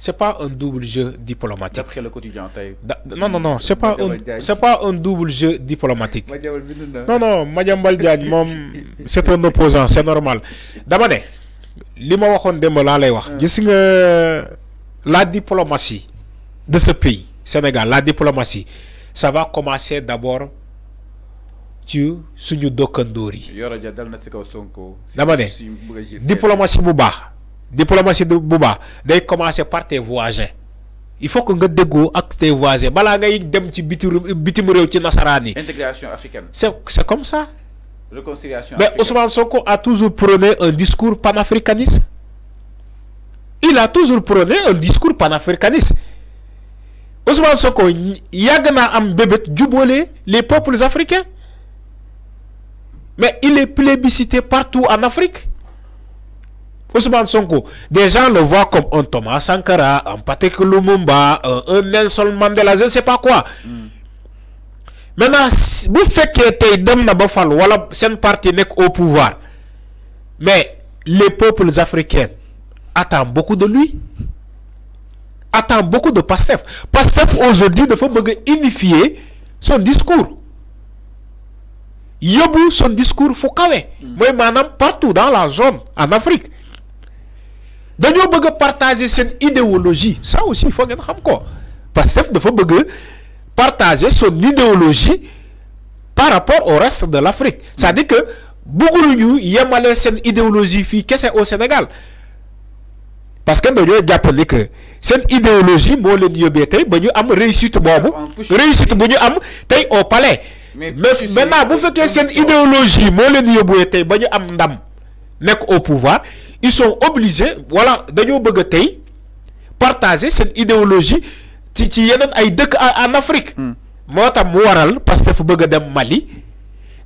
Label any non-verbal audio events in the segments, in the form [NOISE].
c'est pas un double jeu diplomatique. Non, non, non, c'est pas, un, pas un double jeu diplomatique. non, non, [LAUGHS] c'est un opposant, c'est normal. Damane, ah. la diplomatie de ce pays, Sénégal, la diplomatie, ça va commencer d'abord Sur suñu dokkandóor dori. Damane, diplomatie bu diplomatie de Bouba. day commencer par tes voisins il faut que nga déggoo avec tes voisins dem ci bitim ci intégration africaine. c'est comme ça. réconciliation africaine mais Ousmane Soko a toujours prôné un discours panafricaniste. il a toujours prôné un discours panafricaniste Ousmane Sonko yagna un am du jubóole les peuples africains mais il est plébiscité partout en Afrique. Ousmane Sonko, des gens le voient comme un Thomas Sankara, un Patrick Lumumba, un, Nelson Mandela, je ne sais pas quoi. Hmm. Maintenant, si vous faites que tu dem na bafal wala parti au pouvoir. Mais les peuples africains attendent beaucoup de lui. Attendent beaucoup de Pastef. Pastef aujourd'hui il faut unifier son discours. Yobu son discours Foukawe. Moi, mm. maintenant, partout dans la zone, en Afrique, dañoo bëgg partager seen idéologie ça aussi il faut ngeen xam ko que dafa bëgg partager son idéologie par rapport au reste de l'Afrique c'est-à-dire que bëgguluñu yemale seen idéologie fii kese au Sénégal parce que dañoo jàpp ni que seen idéologie moo leen yóbbee tey ba ñu am réussite boobu réussite bu ñu am tey au palais mais maintenant bu fekkee seen idéologie moo leen yóbbuwee tey ba ñu am ndam nekk au pouvoir ils sont obligés voilà de bëgg partager cette idéologie ci ci en Afrique. Hmm. moi mu parce que Mali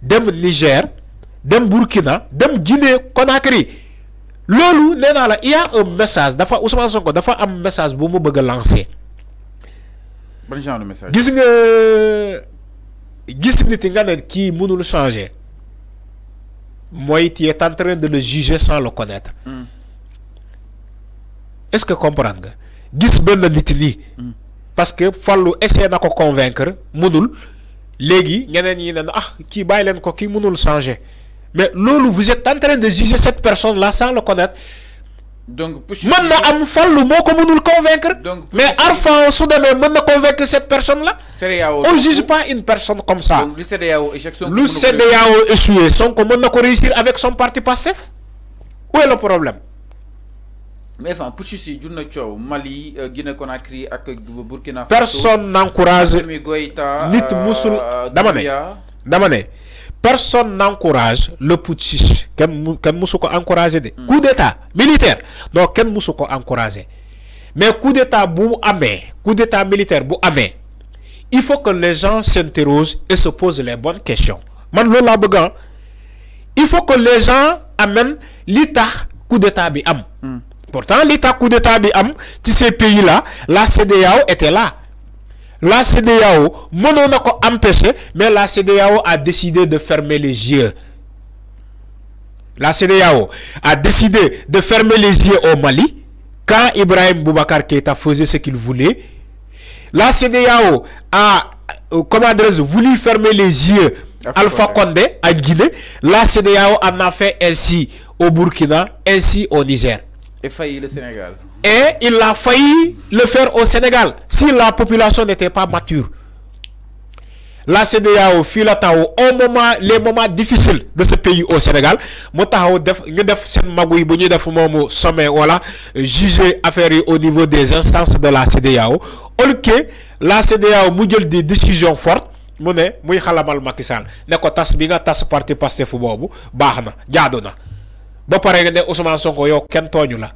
dem Niger dem Burkina dem Guinée Conakry lolo il y a un message dafa Ousmane Sonko dafa un message bu lancer. de message. gis nga gis nit moi, tu es en train de le juger sans le connaître. Hmm. est-ce que comprendre Dis-ben hmm. parce que fallu essayer de convaincre mënul ne ah qui bay ko qui changer mais si vous êtes en train de juger cette personne là sans le connaître donc il faut am fallu comme nous convaincre mais au su de mën convaincre cette personne là on juge pas une personne comme ça Le CDAO échoué son, comment on ko réussir avec son parti passif où est le problème mais enfin pour yi jur Mali euh, Guinée Conakry ak Burkina Faso personne n'encourage nit musul euh, dama d'amener personne n'encourage le putschiste Quel kenn musu hmm. coup d'état militaire Donc quel mais coup d'état bou coup d'état militaire il faut que les gens s'interrogent et se posent les bonnes questions man ah. il faut que les gens amènent l'État coup d'état bi pourtant l'État coup d'état bi am hmm. ces pays là la CDAO était là la CDAO mënoon na pas empêché mais la CDAO a décidé de fermer les yeux la CDAO a décidé de fermer les yeux au Mali quand Ibrahim Boubacar keita faisait ce qu'il voulait la CDAO a euh, comment voulu fermer les yeux Alpha Condé à Guinée la CDAO en a fait ainsi au Burkina ainsi au Niger et failli le Sénégal. Et il a failli le faire au Sénégal si la population n'était pas mature. La CDAO Filatao, la au moment les moments difficiles de ce pays au Sénégal Mo taxaw def ñu def seen magu bu sommet voilà juger affaire au niveau des instances de la CDAO. au lieu la CDAO mu jël des décisions fortes Moné, ne muy xalamal Macky Sall ne ko tas bi nga tas parti Pastef boobu baax na na ba pare ne Ousmane Sonko yow kenn tooñu la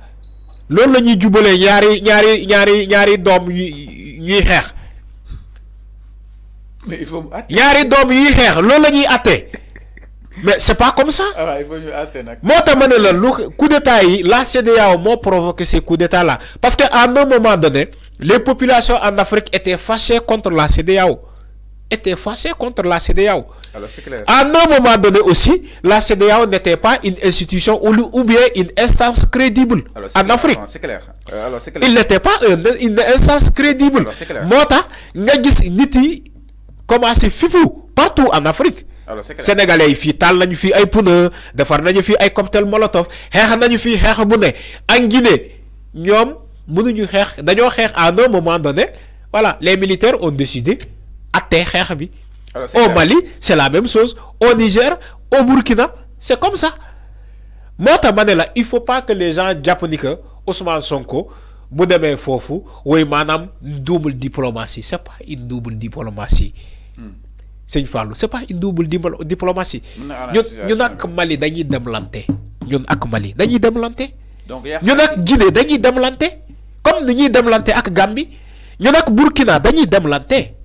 loolu lañuy ñuy jubalee ñaari ñaari ñaari ñaari doom ñi xex mais il faut mu ñaari dom yi xex loolu lañuy ñuy mais c'est pas comme ça. ah il faut ñu àtte nak mota mané la lu coup d'état yi la CEDEAO mo provoquer ces coup d'état là parce que à un moment donné les populations en Afrique étaient fâchées contre la CEDEAO était fâché contre la CDAO. Alors, clair. À un moment donné aussi, la CDAO n'était pas une institution ou, ou, bien une instance crédible en clair. Afrique. c'est clair. Euh, alors, clair. Il n'était pas une, instance crédible. Mota, Nagis Niti commencé fifou partout en Afrique. sénégalais yi fii taal nañu fii ay pneu defar nañu fii ay cocktail molotov xeex nañu fii xeex bu en Guinée ñoom mënuñu xeex dañoo à un moment donné voilà les militaires ont décidé au Mali c'est la même chose au Niger au Burkina c'est comme ça Mota Manela, il faut pas que les gens japoniques Ousmane Sonko bu demee ou woy double diplomatie c'est pas une double diplomatie une hmm. Fallou c'est pas une double diplomatie ñun ñun ak Mali dañuy Lanté. ñun ak Mali dañuy Lanté. ñun ak Guinée dañuy Lanté. comme ni ñuy Lanté ak Gambie ñun ak Burkina dañuy Lanté.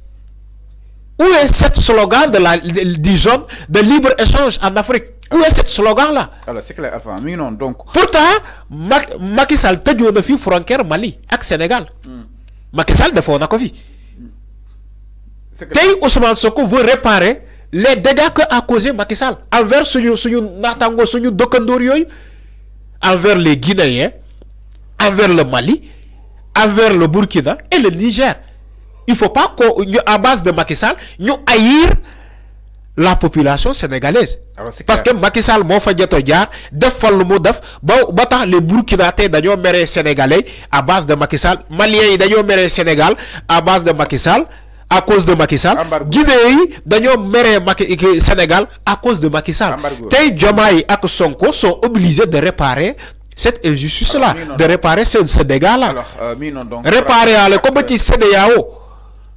Où est cette slogan de la, du zone de libre-échange en Afrique Où est ce slogan-là Alors, ah, c'est clair, enfin, mais non, donc... Pourtant, Macky Sall a dit une frontière Mali avec Sénégal. Hmm. Macky Sall a fait un accord. Tay Ousmane Soko veut réparer les dégâts que a causé Macky Sall envers suñu suñu natango suñu dokandoor yoyu envers les Guinéens envers le Mali envers le Burkina et le Niger il ne faut pas qu'à base de Macky nous ñu haïr la population sénégalaise. Ah parce que Macky Sall moo fa jot a jaar def fa lu def les mère sénégalais à base de Macky Sall Maliens d'ailleurs dañoo Sénégal à base de Macky Sall à cause de Macky Sall. Guinée yi euh, Sénégal à cause de Macky Sall. tey et yi ak Sonko sont obligés de réparer. cette injustice-là, de réparer ce dégât-là. Euh, réparer à l'économie euh, CDAO.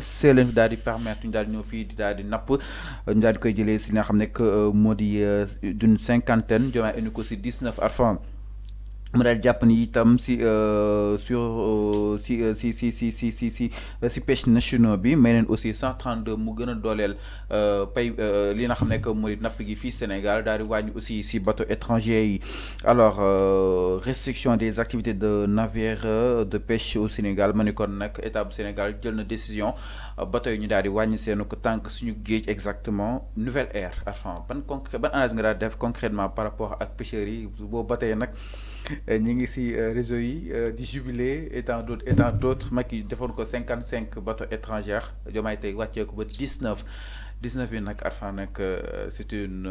C'est le des permettre ñu daal di ñëw fii euh, euh, cinquantaine mu daal tam ni itam si euh, sur euh, si euh, si si si si si si si pêche nationaux bi mais aussi 132 mu gën a dooleel pay li nga xam ne que mooy napp gi fii Sénégal daal di wàññi aussi si bateau étranger yi alors restriction des activités de navire de pêche au Sénégal ma ne kon nag état bu Sénégal jël na décision euh, ba ñu daal di wàññi seenu ko tànk suñu géej exactement nouvelle ère afin ban concret ban analyse nga def concrètement par rapport ak pêcherie yi boo ba nag euh, ñi ngi si euh, réseau yi di jubilé et dans d'autres et dans d'autres mais qui defoon ko 55 bateaux étrangers jomaay tey wàccee ko ba 19 19 dix neuf Arfan c'est une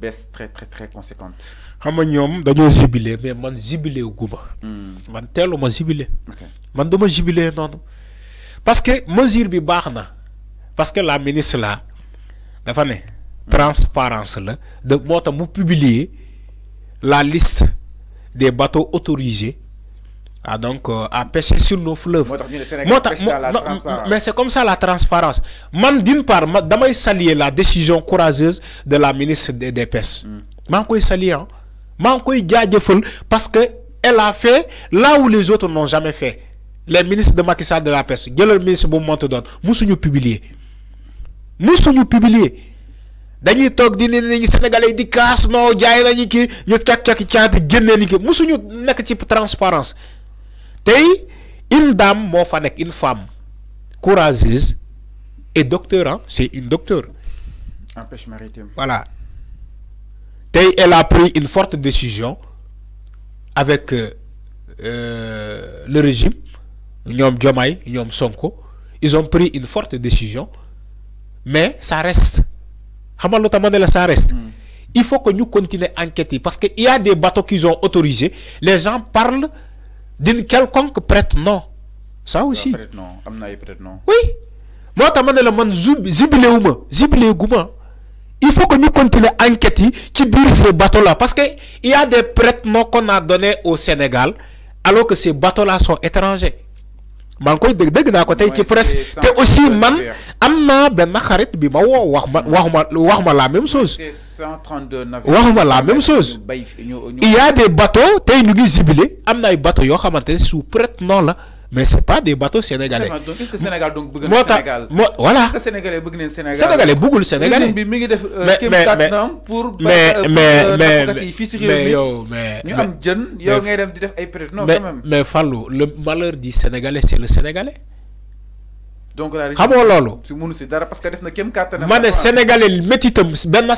baisse très très très conséquente. xama ñom dañu jubilé mais man jubilé au hmm. man teelu jubilé. man du jubilé parce que mesure bi parce que la ministre là transparence la de moo publier la liste des bateaux autorisés à ah, donc euh, à pêcher sur nos fleuves mais c'est comme ça la transparence man d'une part damay la décision courageuse de la ministre des pêches mm. man koy saluer ah. parce que elle a fait là où les autres n'ont jamais fait les ministres de Macky Sall de la pêche le ministre bu monte doon publiés. publier musuñu publier dañuy Tok di ne ni Sénégalais di kaas no jaay nañu ne ñu ciati Ils ni sont musuñu ci transparence tay une dame mo fa nek une femme courageuse et docteur hein, c'est une docteur. en pêche maritime. voilà elle a pris une forte décision avec euh, le régime ils ont pris une forte décision mais ça reste hmm. il faut que nous continuions à enquêter parce qu'il y a des bateaux qu'ils ont autorisés les gens parlent d'une quelconque prête non. ça ah, aussi oui Moi, il faut que nous continuions à enquêter qui brûle ces bateaux là parce que il y a des prêtres non qu'on a donné au Sénégal alors que ces bateaux là sont étrangers maa ngi koy dégg dégg naa ko tey ci presse te aussi man amna naa benn xarit bi ma wo wax ma hmm. waxuma waxuma la même chose waxuma la même chose il y a des bateaux tay ñu ngi zibilé amna ay bateaux yo xamantene sous prête non la mais c'est pas des bateaux sénégalais. donc que Sénégal donc Sénégal voilà. sénégalais euh, mais mais mais mais euh, mais. Euh, mais le malheur du sénégalais c'est le sénégalais. donc la région le dara parce sénégalais ben, sénégalais malien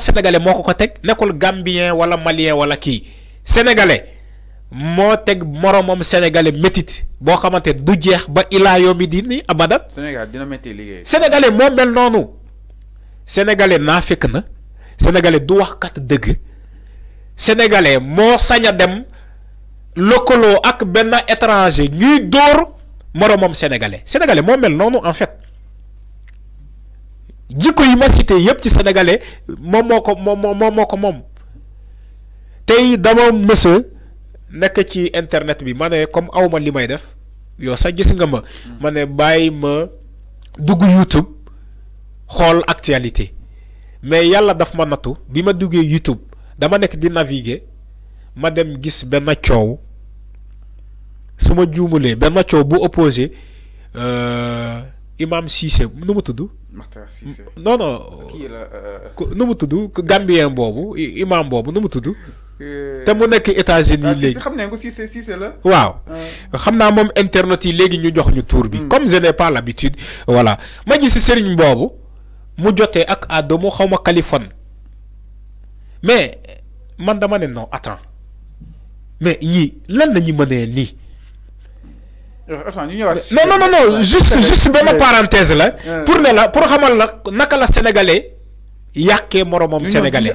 sénégalais mo teg moromom sénégalais métit bo xamanté du jeex ba ila yoomi di ni abadat Sénégal dina métti liggéey. sénégalais mo mel noonu sénégalais n'a fekk na sénégalais du wax kat deug sénégalais mo saña dem lokolo ak ben étranger ñuy dóor moromom sénégalais sénégalais mo mel noonu en fait jikko yi ma cité yépp ci sénégalais mom moko mom moko mom tay dama monsieur nekk ci internet bi ma ne comme aw ma li may def yow sax gis nga ma. Mm. ma ne bàyyi ma dugg YouTube xool actualité mais yàlla daf ma nattu bi ma duggee YouTube dama nekk di naviguer ma dem gis benn coow su ma juumulee benn coow bu opposé euh, Imam Cissé nu mu tudd. Makhtar Cissé non euh, nu mu tudd gambien boobu imam boobu nu mu tudd. té mu nek États-Unis légui xam nañ ko Cissé c'est la. waaw xam naa moom internet yi léegi ñu jox ñu tour bi. Hmm. comme je n'ai pas l'habitude voilà ma gis si sëriñ boobu mu jotee ak Adamo xaw ma Kaliphone mais man dama ne non attends mais ñii lan la ñu mënee nii. non non non juste juste benn parenthèse la. pour ne la pour xamal la naka la sénégalais. yàqee moromam sénégalais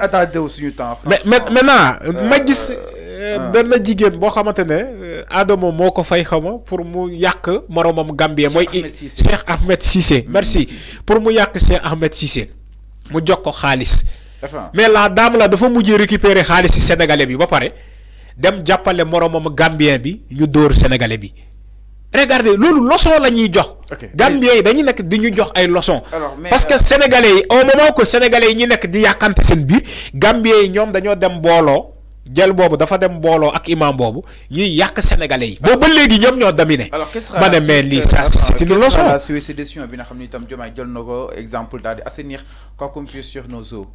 suñu temps mais naa euh, ma gis euh, euh, ah. benn jigéen boo xamante ne Adama moo ko fay xama pour mu yàq moromam Gambien mooy Cheikh Ahmed Cissé mm. merci pour mu yàq Cheikh Ahmed Cissé mu jox ko xaalis mais la dame la dafa mujjee récupérer xaalis si sénégalais bi ba pare dem jàppale moromam Gambien bi ñu dóor sénégalais bi regardez loolu leçon la ñuy jox. Gambien yi dañuy nekk di ñu jox ay leçon. parce que euh, sénégalais yi au moment que sénégalais yi ñu nekk di yàqante seen biir Gambien yi ñoom dañoo dem booloo. jël bobu dafa dem bolo ak imam bobu yi yak sénégalais yi. boobu ba légui ñoom ñoo dominé. alors qu'est-ce mais li ça c'est une leçon. la suite décision bi nga xam ni jël exemple daal di assainir quoi qu'on puisse sur nos eaux.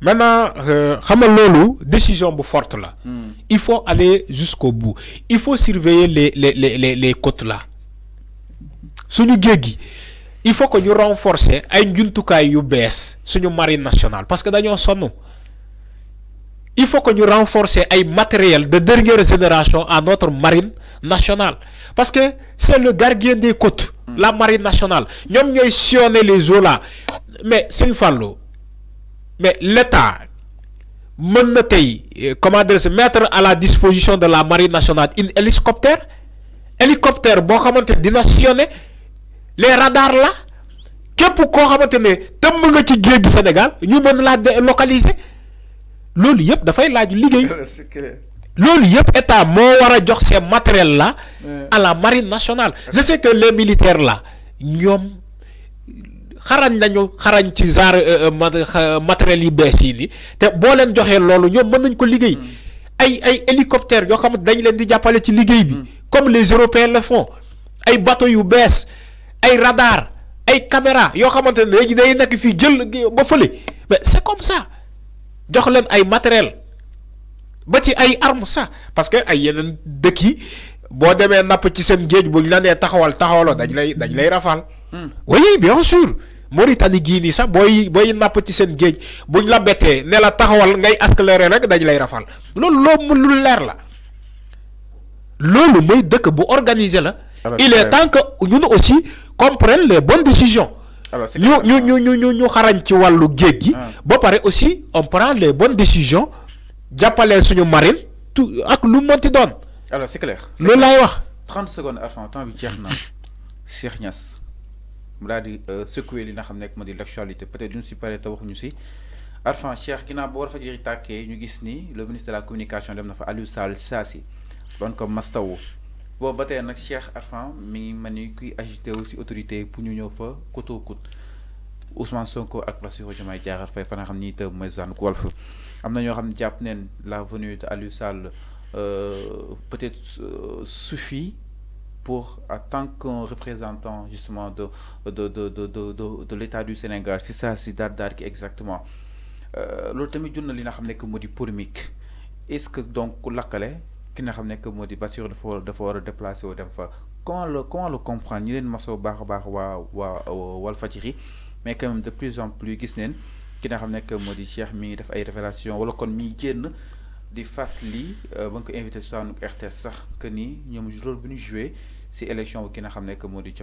maintenant euh, xamal lolu décision bu forte la. Hmm. il faut aller jusqu'au bout il faut surveiller les les les les les côtes là suñu géej il faut que ñu renforcer ay njuntukaay yu bess suñu marine nationale parce que dañoo sonu il faut que nous renforcer un matériel de dernière génération à notre marine nationale parce que c'est le gardien des côtes mm. la marine nationale Nous ñooy les eaux là mais c'est une fois mais l'État euh, comment dire se mettre à la disposition de la marine nationale un hélicoptère hélicoptère bon, comment dire, les radars là qu'est koo xamante ne nga Sénégal nous mën la localiser loolu yëpp dafay laaj liggéey [LAUGHS] loolu yëpp état moo war a jox ces matériel là à la marine nationale je sais que les militaires là ñoom xarañ nañu xarañ ci genre euh, euh, euh, matériel yi bees yi ni te boo leen joxee loolu ñoom mën nañ ko liggéey hmm. ay ay hélicoptère yoo xam dañ leen di jàppale ci liggéey bi hmm. comme les européens le font ay bateau yu bees ay radar ay caméra yoo xamante ne day nekk fii jël ba fële mais c'est comme ça jox leen ay matériel ba ci ay armes ça parce que ay yeneen dëkk yi qui demee ci seen géej la nee taxawal taxawaloo dañ lay rafal. Hmm. oui bien sûr Mauritanie gii nii sax booy booy ci seen géej buñ la bettee ne la taxawal ngay rek dañ rafal loolu lu leer la loolu mooy dëkk bu organiser la. Ah, ben, il est temps que nous aussi comprennent les bonnes décisions. Alors, ñu ñu ñu ah. aussi on prend les bonnes décisions marine alors c'est clair. 30 secondes temps euh, l'actualité peut-être je ni le ministre de la communication dem Bon, ba tey un Cheikh Arfan autorité pour Ousmane Sonko ak Bassirou Diomaye fay fa nga xamni la venue de euh, peut-être euh, suffit pour en tant représentant justement de de de de de l'État du Sénégal si ça c'est exactement euh, tamit li que est-ce que donc lakalé qui n'a jamais que moo di Bassirou dafa war dafa war déplacé wu dem fa le quand le comprendre ñu leen masoo baax a wa wa waa Walfadjri mais quand même de plus en plus gis neen ki nga xam que moo di Cheikh mi ngi def ay révélation wala kon mi génn di fatli euh, ba ko invité saanu RTS sax que ni nous rôle bu ñu joué si élections bu ki nga xam que moo di il y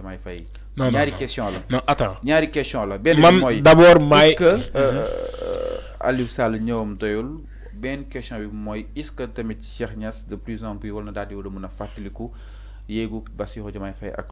a ñaari question la. non attends ñaari question la. des questions mooy man d'abord Mike, que euh, mm-hmm. euh, Aliou Sall ñëwam doyul. benn question bi mooy est-ce que tamit Cheikh Niass de plus en plus wala na daal di war a mën a fàttaliku yéegu Bassirou Diomaye fay ak.